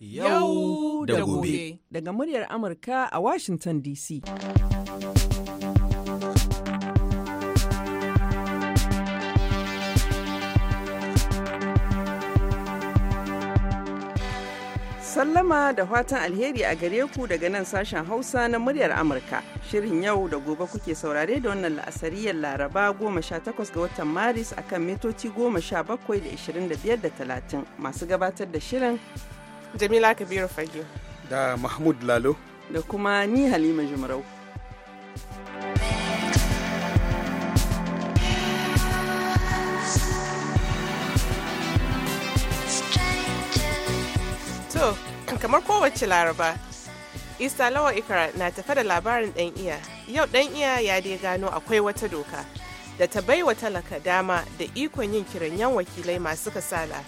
yau da gobe daga muryar Amurka a Washington DC. Sallama da fatan alheri a gare ku daga nan sashen Hausa na muryar Amurka. Shirin yau da gobe kuke saurare da wannan la'asariyar Laraba 18 ga watan Maris akan mitoci 17 da 25 da 30 masu gabatar da shirin jamila kabiru fage da mahmud lalo da kuma ni halima jimarau to kamar kowace laraba isa lawa ikara na tafe da labarin ɗan iya yau ɗan iya ya dai gano akwai wata doka da ta baiwa talaka dama da ikon yin kiran yan wakilai masu kasala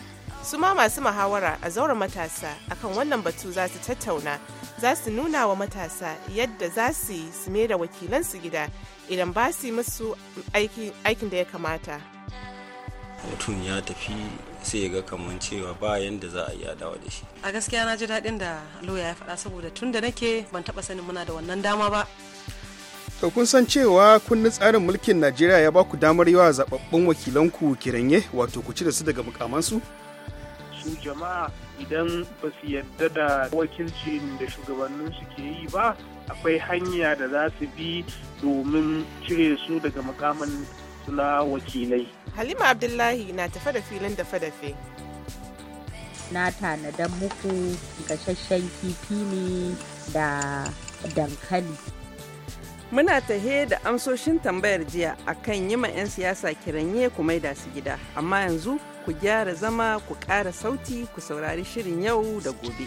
su ma masu muhawara a zaura matasa akan wannan batu za su tattauna za su nuna wa matasa yadda za su yi su mai da wakilansu gida idan ba su yi musu aikin da ya kamata mutum ya tafi sai ya ga kamar cewa ba yadda za a yi adawa da shi a gaskiya na ji daɗin da loya ya faɗa saboda tun da nake ban taɓa sanin muna da wannan dama ba to kun san cewa kunnin tsarin mulkin najeriya ya ba ku damar yawa zababbun wakilanku kiranye wato ku ci da su daga mukamansu su jama'a idan ba su yarda da wakilcin da shugabannin su ke yi ba akwai hanya da za su bi domin cire su daga makaman suna wakilai. Halima Abdullahi na tafe da filin dafe-dafe. Na tanadan muku gashashen kifi ne da dankali. Muna tahe da amsoshin tambayar jiya akan yi ma 'yan siyasa kiranye ku maida su gida, amma yanzu ku gyara zama ku ƙara sauti ku saurari shirin yau da gobe.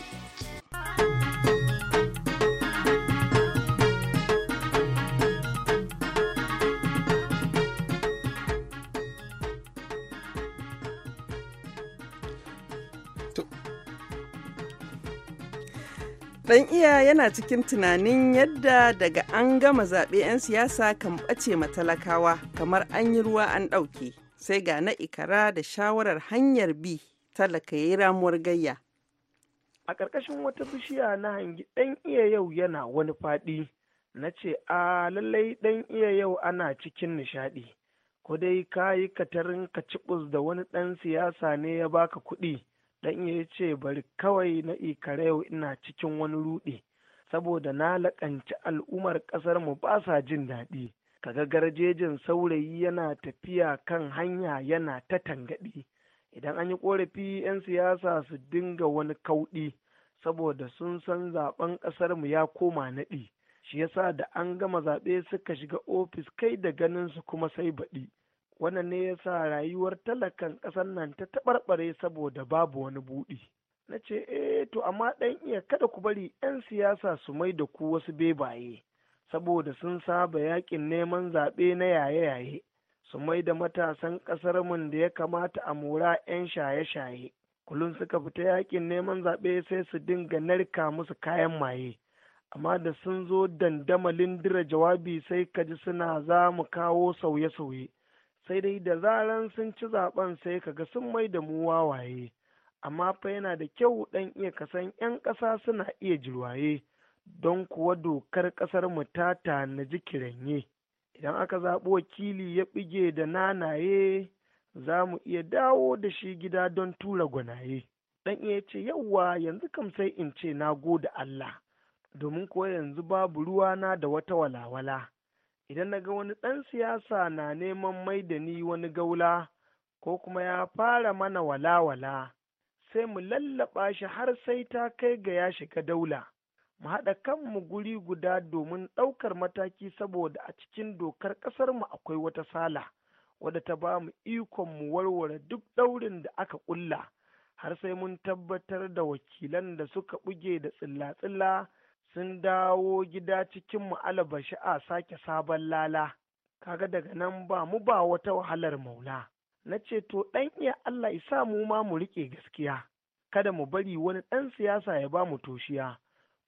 Ɗan iya yana cikin tunanin yadda daga an gama zaɓe 'yan siyasa kan ɓace matalakawa kamar an yi ruwa an ɗauke. sai ga na ikara da shawarar hanyar bi talaka ya ramuwar gayya. A ƙarƙashin wata bishiya na hangi ɗan iya yau yana wani faɗi, na ce a lallai ɗan iya yau ana cikin nishaɗi, ko dai ka yi katarin ka cibus da wani ɗan siyasa ne ya baka kuɗi, ɗan iya ce bari kawai na ikara yau ina cikin wani ruɗi, saboda na laƙanci al'ummar ƙasar mu ba sa jin daɗi. kaga garjejin saurayi yana tafiya kan hanya yana ta tangaɗi idan an yi ƙorafi 'yan siyasa su dinga wani kauɗi saboda sun san zaben ƙasarmu ya koma naɗi shi yasa da an gama zaɓe suka shiga ofis kai da ganin su kuma sai baɗi wannan ne yasa rayuwar talakan ƙasar nan ta taɓarɓare saboda babu wani buɗi na ce eh to amma ɗan iya kada ku bari 'yan siyasa su mai da ku wasu bebaye saboda sun saba yakin neman zaɓe na yaye-yaye su mai da matasan ƙasar mun da ya kamata a mura 'yan shaye-shaye kullum suka fita yakin neman zaɓe sai su dinga narka musu kayan maye amma da sun zo dandamalin dira jawabi sai ka ji suna za mu kawo sauye-sauye sai dai da zaran sun ci zaɓen sai ka ga sun mai da mu wawaye amma fa yana da kyau ɗan iya kasan 'yan ƙasa suna iya jirwaye don kuwa dokar ƙasarmu ta tanaji kiranye idan aka zaɓi wakili ya ɓige da nanaye za mu iya dawo da shi gida don tura gwanaye ɗan iya ce yawwa yanzu kam sai in ce na gode Allah domin kuwa yanzu babu ruwa na da wata walawala idan na ga wani ɗan siyasa na neman mai da ni wani gaula ko kuma ya fara mana walawala sai mu lallaɓa shi har sai ta kai ga ya shiga daula mu haɗa kanmu guri guda domin ɗaukar mataki saboda a cikin dokar ƙasarmu akwai wata sala wadda ta ba mu ikon mu warware duk ɗaurin da aka ƙulla har sai mun tabbatar da wakilan da suka buge da tsilla-tsilla sun dawo gida cikin mu alabashi a sake sabon lala kaga daga nan ba mu ba wata wahalar maula na ce to ɗan iya Allah isa mu ma mu riƙe gaskiya kada mu bari wani ɗan siyasa ya ba mu toshiya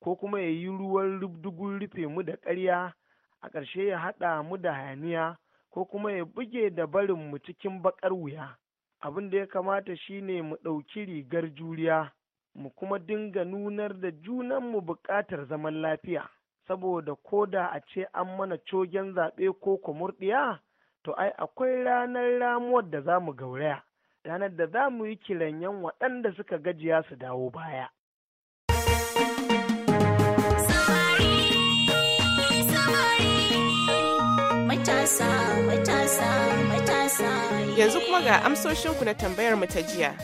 ko kuma ya yi ruwan rubdugun rufe mu da ƙarya a ƙarshe ya haɗa mu da hayaniya ko kuma ya buge da barin mu cikin baƙar wuya abin da ya kamata shine mu ɗauki rigar juriya mu kuma dinga nunar da junanmu buƙatar zaman lafiya saboda ko da a ce an mana cogen zaɓe ko kumurɗiya to ai akwai ranar ramuwar da za mu gauraya ranar da za mu yi kiranyen waɗanda suka gajiya su dawo baya matasa matasa matasa yanzu kuma ga amsoshinku na tambayar mu ta jiya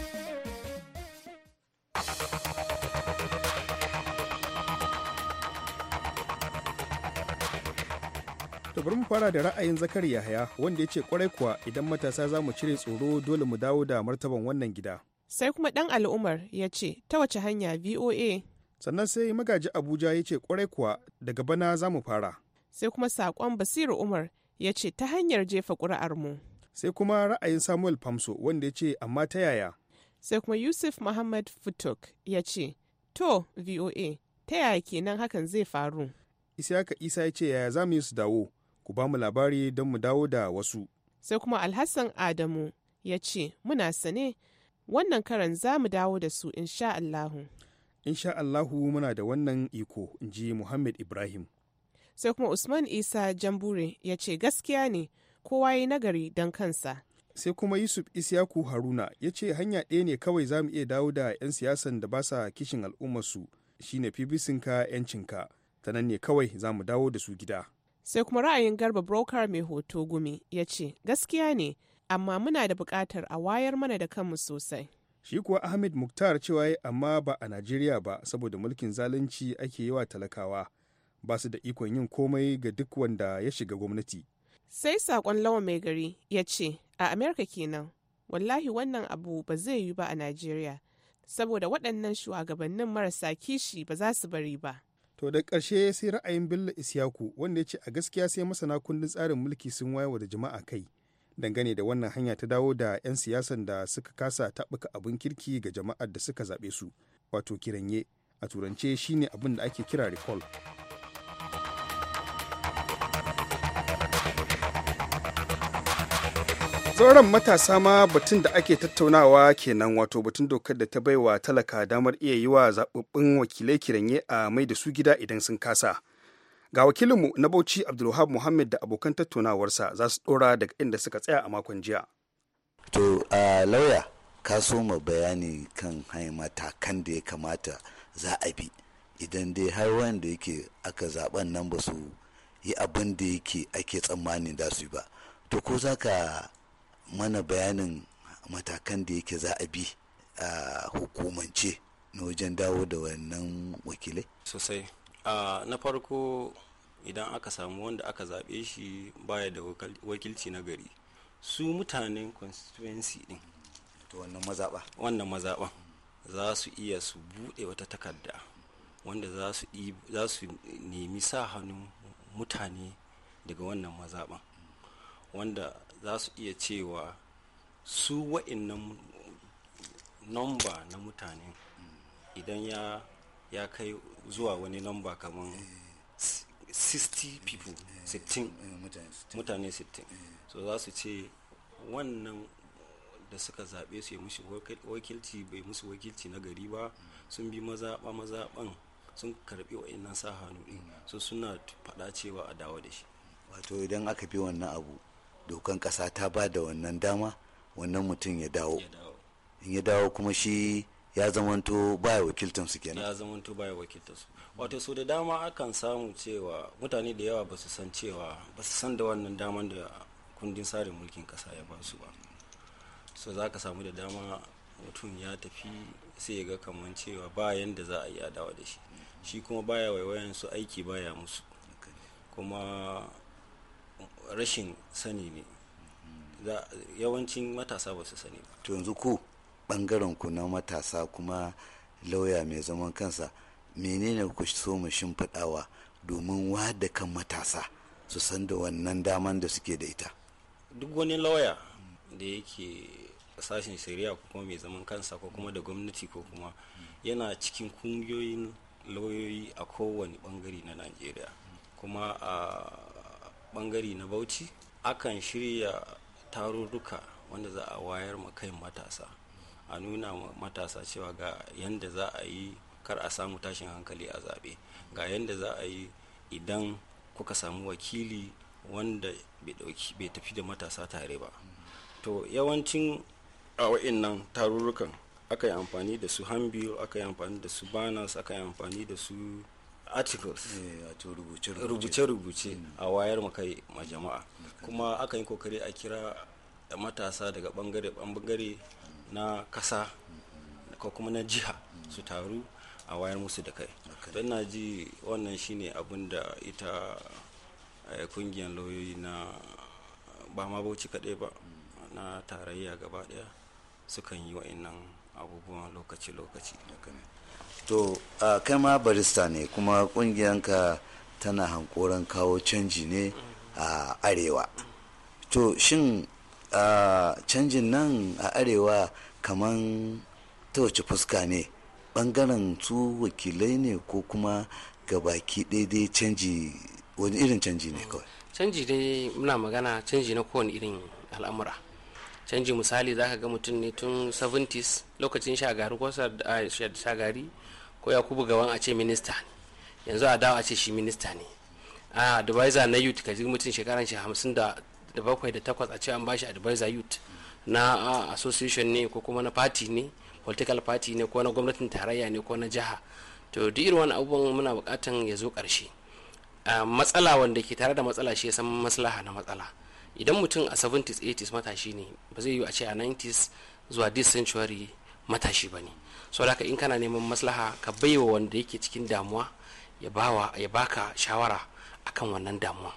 To bari mu fara da ra'ayin Zakar Yahaya wanda ya ce kwarai kuwa idan matasa za mu cire tsoro dole mu dawo da martaban wannan gida. Sai kuma ɗan al'umar ya ce ta wace hanya VOA. Sannan sai magaji Abuja ya ce kwarai kuwa daga bana za mu fara. Sai kuma saƙon Basiru Umar ya ce ta hanyar jefa ƙuri'armu. Sai kuma ra'ayin Samuel Famso wanda ya ce amma ta yaya? Sai kuma Yusuf Muhammad Futuk ya ce, To, VOA, ta yaya kenan hakan zai faru? Isiyaka Isa ya ce yaya za mu yi su dawo, ku ba mu labari don mu dawo da wasu. Sai kuma Alhassan Adamu ya ce, Muna sane, wannan karan za mu dawo da su insha Allahu. Insha Allahu muna da wannan iko, in ji Muhammad Ibrahim. sai kuma usman isa jambure ya ce gaskiya ne kowa ya nagari don kansa sai kuma yusuf isyaku haruna ya ce hanya ɗaya ne kawai za mu iya dawo da 'yan siyasan da ba sa kishin al'ummarsu shine fifisinka 'yancinka ta nan ne kawai za mu dawo da su gida sai kuma ra'ayin garba broker mai hoto gumi ya ce gaskiya ne amma muna da buƙatar a wayar mana da kanmu sosai shi kuwa ahmed muktar cewa amma ba a najeriya ba saboda mulkin zalunci ake yi wa talakawa ba su da ikon yin komai ga duk wanda ya shiga gwamnati. Sai saƙon lawan mai gari ya ce, a Amerika kenan, wallahi wannan abu ba zai yi ba a Najeriya, saboda waɗannan shugabannin marasa kishi ba za su bari ba. To da ƙarshe sai ra'ayin Bello Isyaku wanda ya ce a gaskiya sai masana kundin tsarin mulki sun wayewa da jama'a kai dangane da wannan hanya ta dawo da 'yan siyasan da suka kasa taɓuka abin kirki ga jama'ar da suka zaɓe su wato kiranye a turance shine abin da ake kira recall. sauran matasa ma batun da ake tattaunawa kenan wato batun dokar da ta bai wa talaka damar iya yi wa zaɓaɓɓun wakilai kiranye a mai da su gida idan sun kasa ga wakilinmu na bauchi abdulwahab muhammad da abokan tattaunawarsa za su ɗora daga inda suka tsaya a makon jiya to a lauya ka so ma bayani kan hanyar matakan da ya kamata za a bi idan dai har wanda yake aka zaɓen nan ba su yi abin da yake ake tsammanin da su ba to ko za ka mana bayanin matakan da yake za a bi a hukumance na wajen dawo da wannan wakilai sosai na farko idan aka samu wanda aka zaɓe shi baya da wakilci na gari su mutanen constituency din To wannan mazaɓa wannan mazaɓa za su iya su buɗe wata takarda wanda za su nemi sa hannun mutane daga wannan mazaɓan wanda za su iya cewa su wa'innan nomba na mutane idan ya ya kai zuwa wani nomba kamar 60 people 16 mutane 60 so za su ce wannan da suka zaɓe su yi mushi wakilci bai musu wakilci na gari ba sun bi mazaɓa mazaɓan sun karɓi wa'innan sa hannu so suna faɗa cewa a dawo da shi wato idan aka fi wannan abu dokan ƙasa ta ba da wannan dama wannan mutum ya dawo in ya dawo kuma shi ya zamanto baya wakiltar su kenan ya zamanto baya wakiltar wato so da dama akan samu cewa mutane da yawa ba su san cewa ba su san da wannan daman da kundin tsarin mulkin kasa ya ba su ba so za ka samu da dama mutum ya tafi sai ya ga kamar cewa ba yanda za a yi adawa da shi shi kuma baya waiwayan su aiki baya musu kuma rashin sani ne yawancin matasa ba su sani ba to yanzu ku bangaren ku na matasa kuma lauya mai zaman kansa menene ku so mu shimfiɗawa domin wada kan matasa su san da wannan daman da suke da ita duk wani lauya da yake sashen shari'a ko kuma mai zaman kansa ko kuma da gwamnati ko kuma yana cikin kungiyoyin lauyoyi a kowane bangare na najeriya kuma a ah, bangare na bauchi akan shirya tarurruka wanda za a wayar ma kai matasa a nuna matasa cewa ga yadda za a yi kar a samu tashin hankali a zaɓe ga yadda za a yi idan kuka samu wakili wanda bai tafi da matasa tare ba to yawancin a wa'innan tarurrukan aka yi amfani da su hanbiyo aka yi amfani da su banas aka yi amfani da su articles eh, rubuce-rubuce hmm. a wayar makai ma jama'a kuma aka yi kokari a kira matasa daga bangare-bangare na kasa hmm. ko kuma na jiha hmm. su taru a wayar musu da kai don na ji wannan shine abin da ita kungiyar eh, lauyoyi na ba ma bauchi kaɗai ba na tarayya gaba ɗaya sukan yi wa'annan abubuwan lokaci-lokaci to a kai ma barista ne kuma kungiyanka tana hankoran kawo canji ne a arewa to shin canjin nan a arewa kamar ta wace fuska ne bangaren su wakilai ne ko kuma ga baki daidai canji wani irin canji ne kawai canji dai muna magana canji na kowane irin al'amura canji misali za ka ga mutum ne tun 70s lokacin shagari ko shagari ko yakubu gaban a ce minista ne yanzu a dawo a ce shi minista ne a advisor na youth ka ji mutum shekaran shi hamsin da bakwai da takwas a ce an bashi advisor youth na association ne ko kuma na party ne political party ne ko na gwamnatin tarayya ne ko na jiha to duk irin wani abubuwan muna bukatan ya zo karshe matsala wanda ke tare da matsala shi ya san maslaha na matsala idan mutum a 70s 80s matashi ne ba zai yi a ce a 90s zuwa this century matashi ba ne so haka in kana neman maslaha ka baiwa wanda yake cikin damuwa ya bawa baka shawara akan wannan damuwa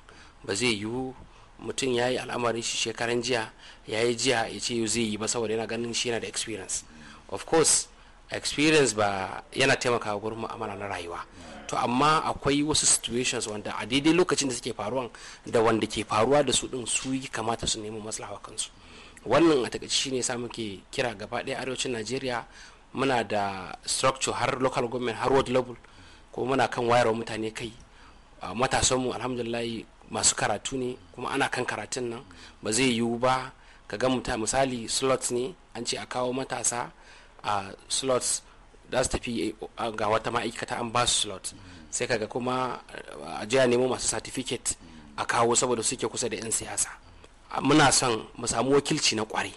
ba zai yiwu mutum ya yi al'amarin shi shekaran jiya ya yi jiya ya ce zai yi ba saboda yana ganin shi yana da experience of course experience ba yana taimakawa gurin mu'amala na rayuwa to amma akwai wasu situations wanda a daidai lokacin da suke faruwa da wanda ke faruwa da su din su yi kamata su nemi maslaha kansu wannan a takaice shine sa muke kira gaba ɗaya arewacin najeriya muna da structure har local government har world level ko muna kan wayar wa mutane kai matasanmu alhamdulillah masu karatu ne kuma ana kan karatun nan ba zai yiwu ba ka ga misali slots ne an ce a kawo matasa a slots za su tafi eh, ga wata ma'aikata an ba su slot sai kaga kuma a jiya nemo masu certificate a kawo saboda suke kusa da 'yan siyasa muna son mu samu wakilci na kwari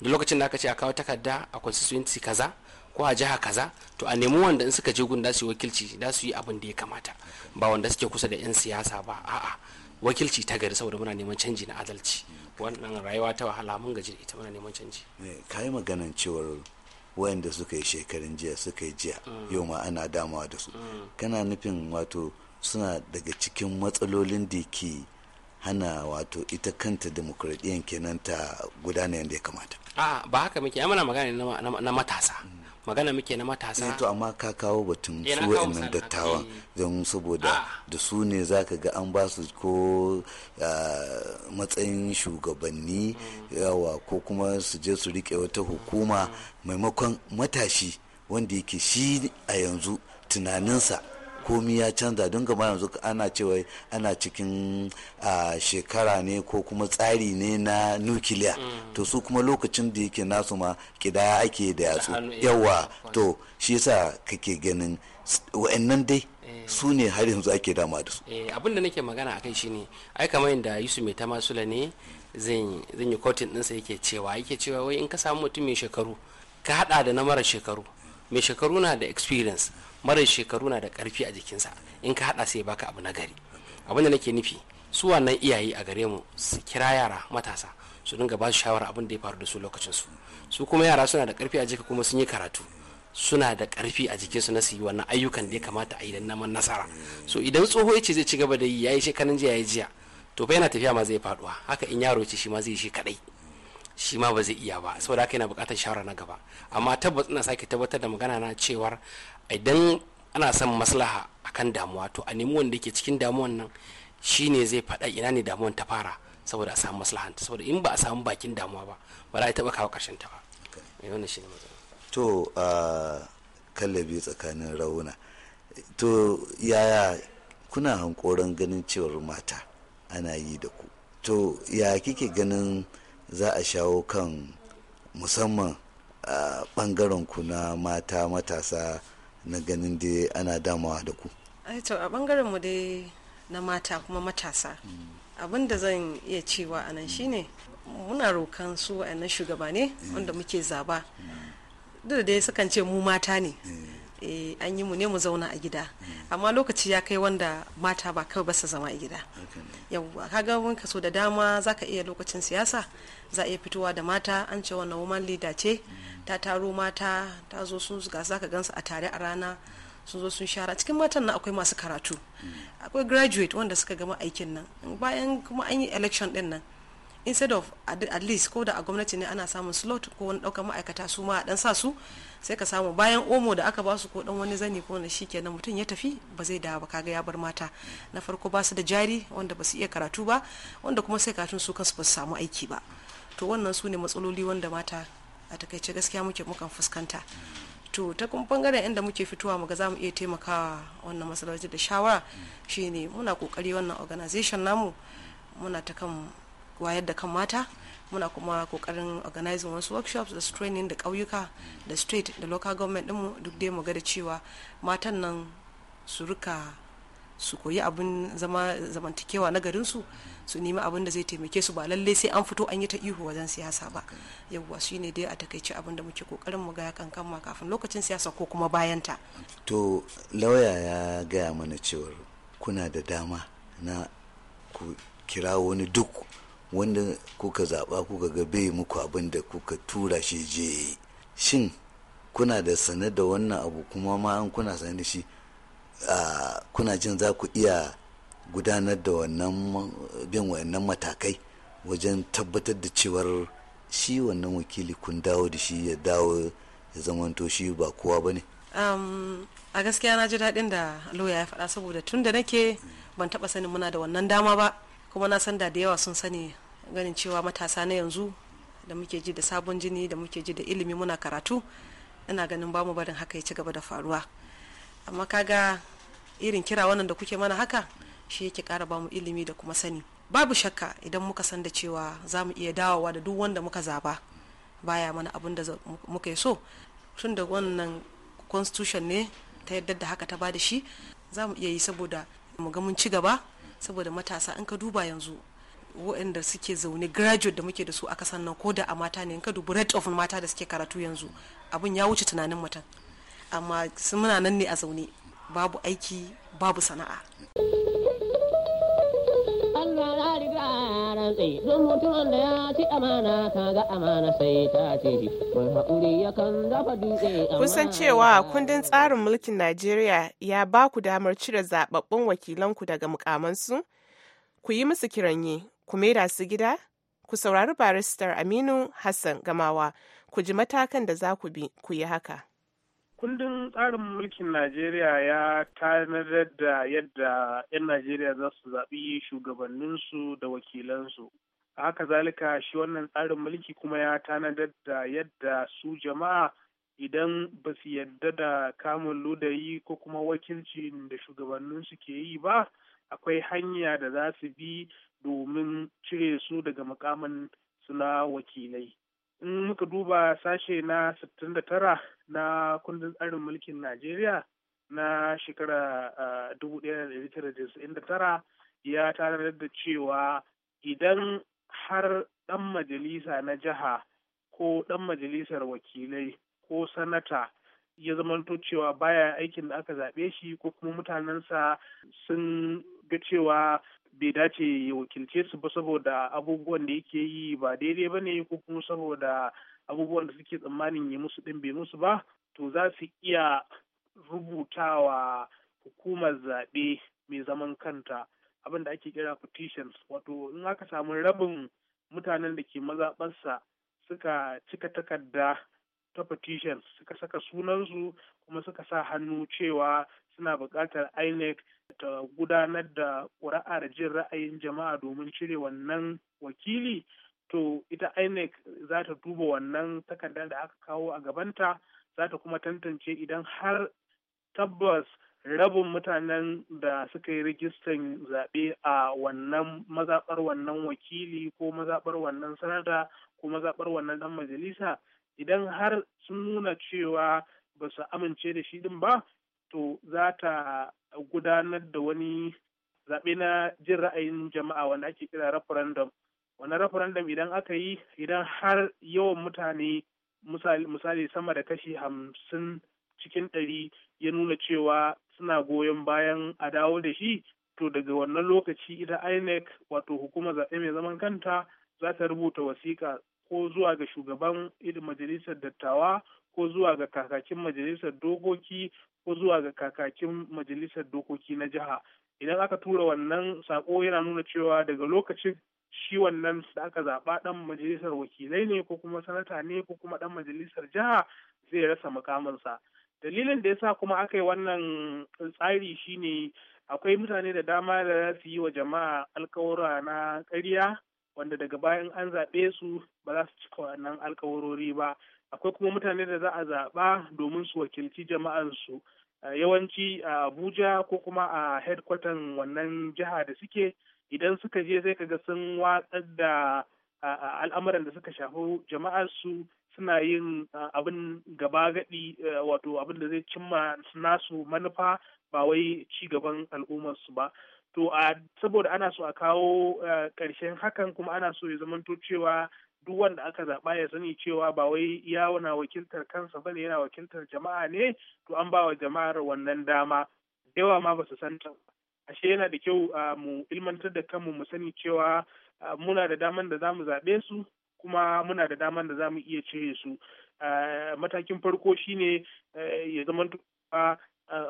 da lokacin da aka ce a kawo takarda a constituency kaza ko a jiha kaza to a nemi wanda in suka je gun da su yi wakilci da su yi abin da ya kamata ba wanda suke kusa da 'yan siyasa ba a'a wakilci ta gari saboda muna neman canji na adalci wannan rayuwa ta wahala mun gaji ita muna neman canji eh, kayi maganan cewar wayanda suka yi shekarun jiya suka yi jiya mm. yau ma ana damawa da su mm. kana nufin wato suna daga cikin matsalolin da ke hana wato ita kanta demokradiyyar kenan ta gudana yadda ya kamata a ba haka muke amana magana na matasa mm. magana muke na matasa eh, to amma ka kawo batun eh, su wa'annan dattawa eh. don saboda ah. da su ne za ka ga an ba su ko ah, matsayin shugabanni mm. yawa ko kuma su je su riƙe wata hukuma mm. maimakon matashi wanda yake shi a yanzu tunaninsa komi ya canza don gama yanzu ana cewa ana cikin shekara ne ko kuma tsari ne na nukiliya mm. to su kuma lokacin da yake nasu ma kidaya ake da yatsu eh, yawa to shi yasa kake ganin wa'annan dai eh. su ne har yanzu ake dama da su eh, abinda nake magana shi ne ai kamar yadda yusu mai tama sula ne zan yi kotin dinsa yake cewa yake cewa wai in ka samu mutum mai shekaru ka hada da na mara shekaru mai shekaru na da experience mara shekaru na da karfi a jikinsa in ka hada sai ya baka abu na gari abin da nake nufi su wannan iyaye a gare mu su kira yara matasa su dinga ba su shawara abin da ya faru da su lokacin su su kuma yara suna da karfi a jika kuma sun yi karatu suna da karfi a jikinsu na su yi wannan ayyukan da ya kamata a yi dan naman nasara so idan tsoho ce zai ci gaba da yi yayi shekaran jiya yayi jiya to fa yana tafiya ma zai faduwa haka in yaro ce shi ma zai shi kadai shi ma ba zai iya ba saboda haka yana bukatar shawara na gaba amma tabbas ina sake tabbatar da magana na cewar idan ana son maslaha akan damuwa to a nemi wanda ke cikin damuwan nan shine zai faɗa ina ne damuwan ta fara saboda a samu maslaha saboda in ba a samu bakin damuwa ba ba za a taɓa kawo ƙarshen ta ba eh, to a kallabi tsakanin rauna to yaya kuna hankoron ganin cewar mata ana yi da ku to ya kike ganin za a shawo kan musamman a ku na mata matasa na ganin dai ana damawa da ku to a bangaren mu dai na mata kuma matasa abin da zan iya cewa a nan shine muna rokan su na shugaba ne eh. wanda muke zaba duk da dai sukan ce mu mata ne eh. Eh, an yi mu ne mu zauna a gida mm. amma lokaci ya kai wanda mata ba kawai ba su zama a gida yawwa kaga mun kaso da dama zaka iya lokacin siyasa za a iya fitowa da mata an ce wannan woman leader ce mm. ta taro mata ta zo sun zuga zaka gansu a tare a rana sun zo sun shara cikin matan nan akwai masu karatu mm. akwai graduate wanda suka gama aikin nan bayan kuma an yi election din nan instead of at least ko da a gwamnati ne ana samun slot ko wani ɗaukar ma'aikata su ma a ɗan sa su sai ka samu bayan omo da aka basu ko dan wani zani ko na kenan mutum ya tafi ba zai dawo ba kaga ya bar mata na farko ba su da jari wanda ba su iya karatu ba wanda kuma sai katun su kansu ba su samu aiki ba to wannan su ne matsaloli wanda mata a takaice gaskiya muke mukan fuskanta to ta kuma bangaren inda muke fitowa muga za mu iya taimakawa wannan masallaci da shawara shine muna kokari wannan organization namu muna ta kan wayar da kan mata muna kuma kokarin organizing wasu workshops da training da kauyuka da state da local government ɗinmu duk dai mu ga da cewa matan nan su rika su koyi abin zama zamantakewa na garin su su nemi abin da zai taimake su ba lallai sai an fito an yi ta ihu wajen siyasa ba yawwa shi ne dai a takaice abin da muke kokarin mu ga kan kama kafin lokacin siyasa ko kuma bayan ta to lauya ya gaya mana cewar kuna da dama na ku kira wani duk wanda kuka zaɓa kuka ga bai muku abin da kuka tura shi je shin kuna da sane da wannan abu kuma ma an kuna sane da shi kuna jin za ku iya gudanar da wannan bin wannan matakai wajen tabbatar da cewar shi wannan wakili kun dawo da shi ya dawo ya zamanto shi ba kowa ba ne a gaskiya na ji daɗin da lauya ya faɗa saboda tun da nake ban taɓa sanin muna da wannan dama ba kuma na san da da yawa sun sani ganin cewa matasa na yanzu da muke ji da sabon jini da muke ji da ilimi muna karatu ina ganin ba mu barin haka ya ci gaba da faruwa amma kaga irin kira wannan da kuke mana haka shi yake kara ba mu ilimi da kuma sani babu shakka idan muka san da cewa za mu iya dawowa da duk wanda muka zaba baya mana abin da muka so tun da wannan constitution ne ta yadda da haka ta ba shi za mu iya yi saboda mu ga mun ci gaba saboda matasa in ka duba yanzu waɗanda suke zaune graduate da muke da su a kasar nan ko da a mata ne in ka dubi rate of mata da suke karatu yanzu abin ya wuce tunanin mutum amma sun muna nan ne a zaune babu aiki babu sana'a Allah na riga rantsi don mutum da ya ci amana ga amana sai ta ce mai haƙuri ya kan dafa dutse Kusan cewa kundin tsarin mulkin Najeriya ya ba ku damar cire zaɓaɓɓen wakilanku daga mukamansu ku yi musu kiranye ku su gida? Ku saurari baristar Aminu Hassan Gamawa, ku ji matakan da za ku bi ku yi haka. Kundin tsarin mulkin Najeriya ya tanadar da yadda 'yan Najeriya za su zaɓi shugabanninsu da wakilansu. Haka zalika shi wannan tsarin mulki kuma ya tanadar da yadda su jama'a idan ba su yarda da kamun ludayi ko kuma wakilcin da shugabanninsu ke yi ba akwai hanya da za su bi domin cire su daga mukamin na wakilai in muka duba sashe na 69 na kundin tsarin mulkin najeriya na shekara 1999 ya tarar da cewa idan har ɗan majalisa na jiha ko ɗan majalisar wakilai ko sanata ya zamanto cewa baya aikin da aka zaɓe shi ko kuma mutanensa sun ga cewa bai dace ya wakilce su ba saboda abubuwan da yake yi ba daidai ba ne ko kuma saboda abubuwan da suke tsammanin ya musu ɗin bai musu ba to za su iya rubutawa hukumar zaɓe mai zaman kanta abin da ake kira petitions wato in aka samu rabin mutanen da ke mazaɓarsa suka cika takarda ta petitions suka saka sunansu kuma suka sa hannu cewa suna buƙatar inec ta gudanar da ƙuri'a da jin ra'ayin jama'a domin cire wannan wakili to ita inec za ta duba wannan takardar da aka kawo a gabanta za ta kuma tantance idan har tabbas rabin mutanen da suka yi rijistan zaɓe a wannan mazaɓar wannan wakili ko mazaɓar wannan sanata ko mazaɓar wannan ɗan majalisa idan har sun nuna cewa ba su amince da shi ɗin ba to za ta gudanar da wani zaɓe na jin ra'ayin jama'a wanda ake kira referendum wannan referendum idan aka yi idan har yawan mutane misali sama da kashi hamsin cikin ɗari ya nuna cewa suna goyon bayan a dawo da shi to daga wannan lokaci idan inec wato hukumar zaɓe mai zaman kanta za ta rubuta wasiƙa ko zuwa ga shugaban majalisar dattawa ko zuwa ga kakakin majalisar dokoki ko zuwa ga kakakin majalisar dokoki na jiha idan aka tura wannan sako yana nuna cewa daga lokacin shi wannan da aka zaɓa ɗan majalisar wakilai ne ko kuma sanata ne ko kuma ɗan majalisar jiha zai rasa mukaminsa dalilin da ya sa kuma aka yi wannan tsari shine akwai mutane da dama da za su yi wa jama'a alkawura na ƙarya wanda daga bayan an zaɓe su ba za su cika wannan alkawarori ba akwai kuma mutane da za a zaɓa domin su wakilci jama'ansu yawanci a abuja ko kuma a headquarter wannan jiha da suke idan suka je sai ga sun watsar da al'amuran da suka shafi jama'arsu suna yin abin gaba gadi wato abin da zai cimma nasu manufa ba wai ci gaban al'ummarsu ba to saboda ana so a kawo ƙarshen hakan kuma ana so ya zamanto cewa duk wanda aka zaɓa ya sani cewa ba wai ya na wakiltar kansa bane yana wakiltar jama'a ne to an ba wa jama'ar wannan dama yawa ma ba su san ashe yana da kyau mu ilmantar da kanmu mu sani cewa muna da daman da zamu zaɓe su kuma muna da daman da zamu iya cire su matakin farko shine eh, ya zama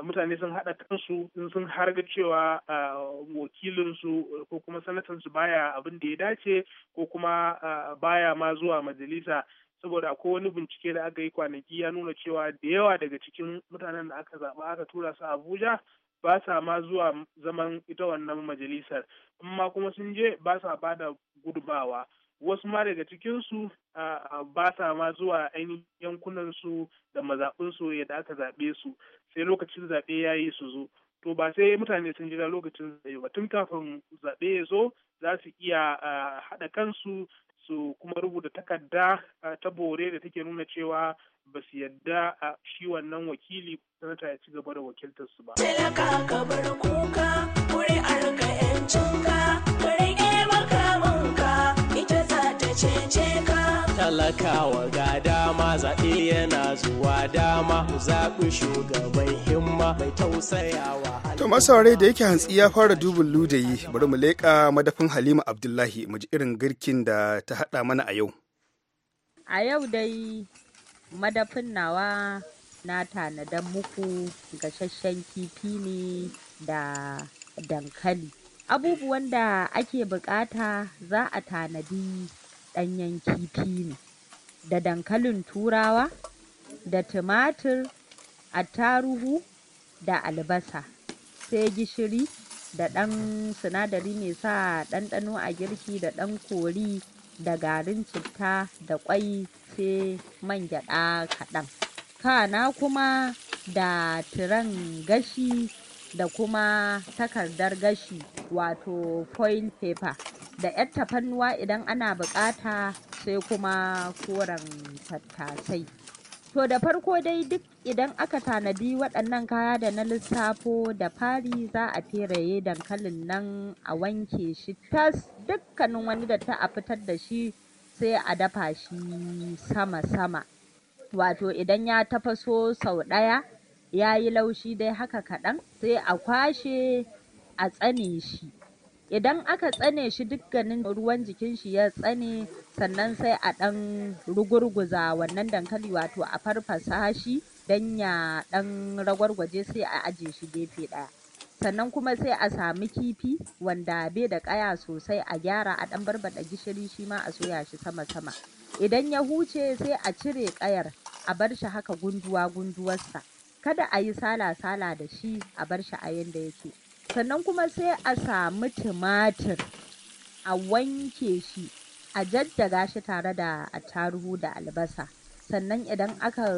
mutane sun haɗa kansu in sun harga cewa wakilinsu ko kuma sanatansu baya abin da ya dace ko kuma baya ma zuwa majalisa saboda akwai wani bincike da aka yi kwanaki ya nuna cewa da yawa daga cikin mutanen da aka zaba aka tura su abuja ba sa ma zuwa zaman ita wannan majalisar amma kuma sun je ba sa bada gudubawa wasu ma daga cikinsu ba sa ma zuwa ainihin yankunansu da mazaɓinsu yadda aka zaɓe su sai lokacin zaɓe ya yi su zo to ba sai mutane sun jira lokacin zaɓe ba tun kafin zaɓe ya zo za su iya haɗa kansu su kuma rubuta takarda ta bore da take nuna cewa ba su yadda a shi wannan wakili sanata ya ci gaba da wakiltarsu ba. Talaka ka bar kuka, wuri arka 'yancinka, cece ka talakawa ga dama zaɓe yana zuwa dama zaɓi shugaban himma mai tausayawa to masaurai da yake hantsi ya fara dubin ludayi bari mu leƙa madafin halima abdullahi mu ji irin girkin da ta haɗa mana a yau a yau dai madafin nawa na tanadan muku gasasshen kifi ne da dankali abubuwan da ake bukata za a tanadi ɗanyen kifi ne da dankalin turawa da tumatir, attaruhu da albasa sai gishiri da ɗan sinadari mai sa ɗanɗano a girki da ɗan kori da garin citta da ƙwai sai man gyaɗa kaɗan. Kana kuma da tiran gashi da kuma takardar gashi wato foil paper. da 'yar tafannuwa idan ana bukata sai kuma koren tattasai to da farko dai duk idan aka tanadi waɗannan kaya da na lissafo da fari za a feraye dankalin nan a wanke shi tas dukkanin wani da ta a fitar da shi sai a dafa shi sama sama wato idan ya tafaso sau ɗaya ya yi laushi dai haka kaɗan sai a kwashe a tsane shi idan aka tsane shi dukkanin ruwan jikin shi ya tsane sannan sai a ɗan rugurguza wannan dankali wato a farfasa shi don ya ɗan ragwargwaje sai a aje shi gefe ɗaya sannan kuma sai a sami kifi wanda bai da ƙaya sosai a gyara a ɗan barbaɗa gishiri shi ma a soya shi sama-sama idan ya huce sai a cire ƙayar a bar shi haka gunduwa gunduwarsa kada a yi sala-sala da shi a bar shi a yanda yake sannan kuma sai a samu tumatir a wanke shi a jajjaga shi tare da taruhu da albasa sannan idan aka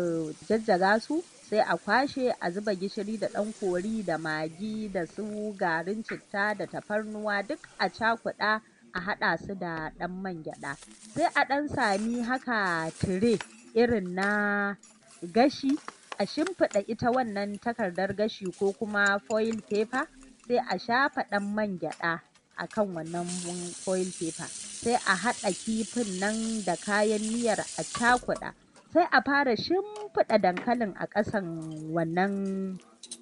jajjaga su sai a kwashe a zuba gishiri da ɗan kori da magi da su garin citta da tafarnuwa duk a cakuɗa a haɗa su da ɗan man gyaɗa sai a ɗan sami haka tire irin na gashi a shimfiɗa ita wannan takardar gashi ko kuma foil paper sai a shafa ɗan man gyaɗa a kan wannan foil paper sai a haɗa kifin nan da kayan miyar a cakuɗa sai a fara shimfiɗa dankalin a ƙasan wannan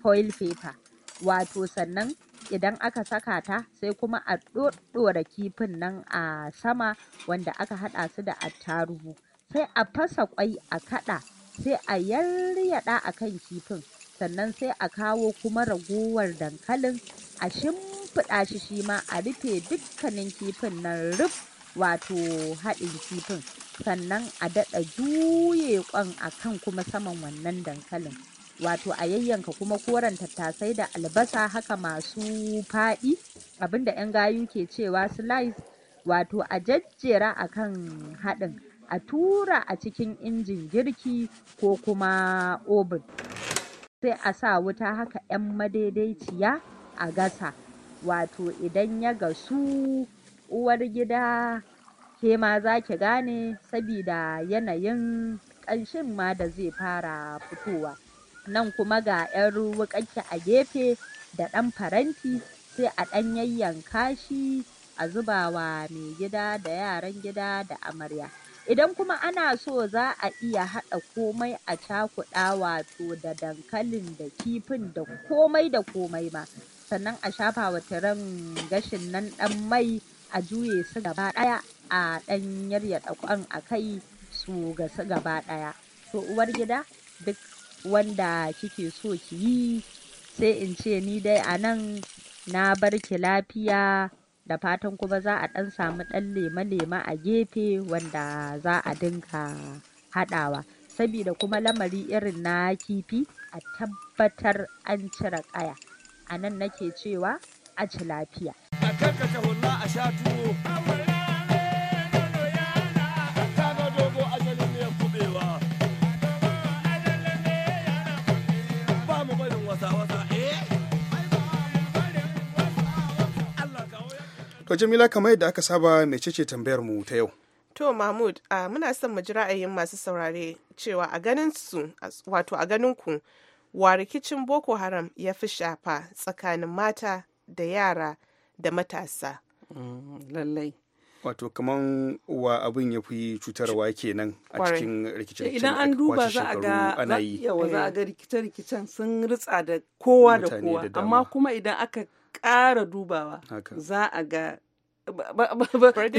foil paper wato sannan idan aka saka ta sai kuma a ɗoɗɗora kifin nan a sama wanda aka haɗa su da attarugu sai a fasa kwai a kaɗa sai a yaryaɗa a kan kifin sannan sai a kawo kuma ragowar dankalin a shimfiɗa shi shi ma a rufe dukkanin kifin nan ruf wato haɗin kifin sannan a daɗa juye ƙwan a kan kuma saman wannan dankalin wato a yayyanka kuma koren tattasai da albasa haka masu faɗi abinda 'yan gayu ke cewa slice wato a jajjera a kan haɗin a tura a cikin injin girki ko kuma obin sai a sa wuta haka 'yan madaidaiciya a gasa wato idan ya gasu uwar gida ke ma za ki gane sabida yanayin ƙanshin ma da zai fara fitowa nan kuma ga 'yan wuƙakki a gefe da ɗan faranti sai a ɗan yayyanka shi a zubawa mai gida da yaran gida da amarya Idan kuma ana so za a iya haɗa komai a cakuɗa wato da dankalin da kifin da komai da komai ma. Sannan a shafa wa tiren gashin nan ɗan mai a juye su gaba ɗaya a ɗan yarya ƙwan a kai su ga su gaba ɗaya. To uwar gida duk wanda kike so ki yi sai in ce ni dai a nan na bar ki lafiya. da fatan kuma za a ɗan samu ɗan lema-lema a gefe wanda za a dinga haɗawa saboda kuma lamari irin na kifi a tabbatar an cire ƙaya a nan nake cewa a ci lafiya To Jamila kamar yadda aka saba mecece tambayar mu ta yau. To Mahmud, uh, muna son mu ji ra'ayin masu saurare cewa a ganin su wato a ganin ku wa rikicin Boko Haram ya fi shafa tsakanin mata da yara da matasa. Mm, lallai. wato kaman wa abin ya fi cutarwa kenan a cikin rikicin cikin idan an duba za a ga yawa za a ga eh. rikice-rikicen sun ritsa da kowa da kowa amma kuma idan aka ƙara dubawa za a ga mu ji ba kwarai eh,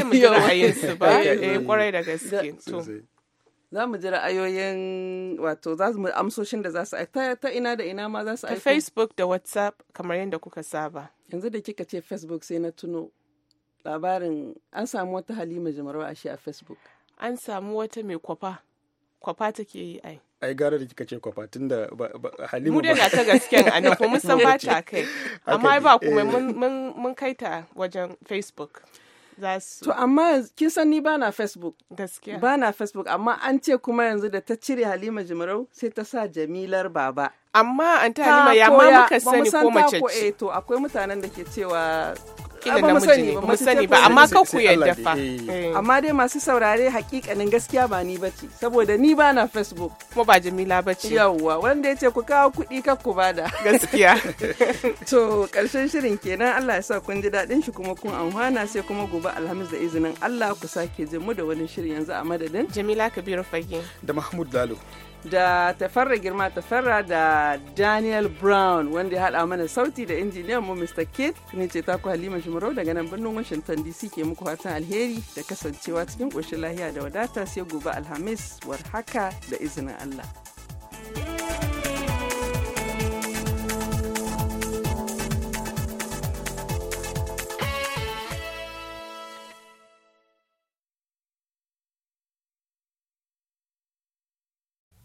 za mu ji ra'ayoyin wato za mu amsoshin da za su aika ta ina da ina ma za su aika facebook da whatsapp kamar yadda kuka saba yanzu da kika ce facebook sai na tuno labarin an samu wata halima jimarwa a shi a facebook an samu wata mai kwafa kwafa take yi ai ai gara da kika ce kwafa tun da halima ba. na ta gasken a nufin mun san ba ta kai amma ba eh. kuma mun kai ta wajen facebook To amma kin san ni bana Facebook. Gaskiya. Bana Facebook amma an ce kuma yanzu da ta cire Halima Jimarau sai ta sa Jamilar Baba. Amma an ta Halima ya ma muka sani ko mace ce. Eh to akwai mutanen da ke cewa kila namiji ne ba sani ba amma ka ku yadda fa eh. amma dai masu saurare hakikanin gaskiya ba ni bace saboda ni ba na facebook kuma ba jamila bace yawwa wanda yace ku kawo kuɗi kar ku bada gaskiya to karshen shirin kenan Allah ya sa kun ji daɗin shi kuma kun amfana sai kuma gobe alhamis da izinin Allah ku sake jin mu da wani shirin yanzu a madadin jamila kabiru fage da mahmud lalo da tafarra girma tafarra da daniel brown wanda ya haɗa mana sauti da injiniyan mu mr kate ne ce taku halima shimarau daga nan birnin washington dc ke muku fatan alheri da kasancewa cikin ƙoshin lahiya da wadata sai gobe alhamis war haka da izinin allah